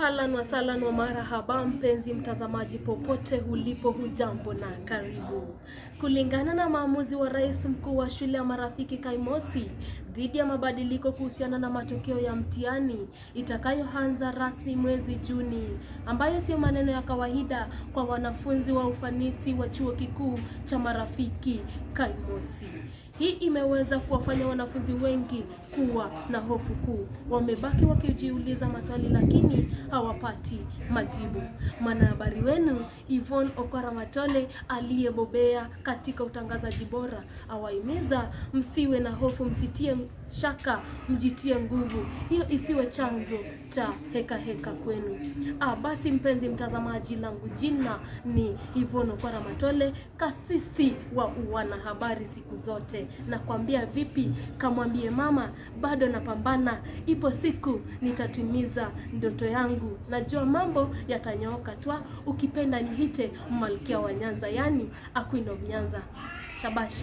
Halan wasalan wa marahaba, mpenzi mtazamaji, popote ulipo, hujambo na karibu. Kulingana na maamuzi wa rais mkuu wa shule ya marafiki Kaimosi dhidi ya mabadiliko kuhusiana na matokeo ya mtihani itakayoanza rasmi mwezi Juni, ambayo sio maneno ya kawaida kwa wanafunzi wa ufanisi wa chuo kikuu cha marafiki Kaimosi. Hii imeweza kuwafanya wanafunzi wengi kuwa na hofu kuu, wamebaki wakijiuliza maswali lakini hawapati majibu. Mwanahabari wenu Yvonne Okwara Matole aliyebobea katika utangazaji bora awaimiza msiwe na hofu, msitie shaka, mjitie nguvu. Hiyo isiwe chanzo cha heka heka kwenu. Ah, basi mpenzi mtazamaji, langu jina ni Yvonne Okwara Matole, kasisi wa uwanahabari siku zote. Nakwambia vipi, kamwambie mama, bado napambana, ipo siku nitatimiza ndoto yangu yangu, najua mambo yatanyooka twa, ukipenda nihite mmalkia wa Nyanza, yani Queen of Nyanza. Shabash.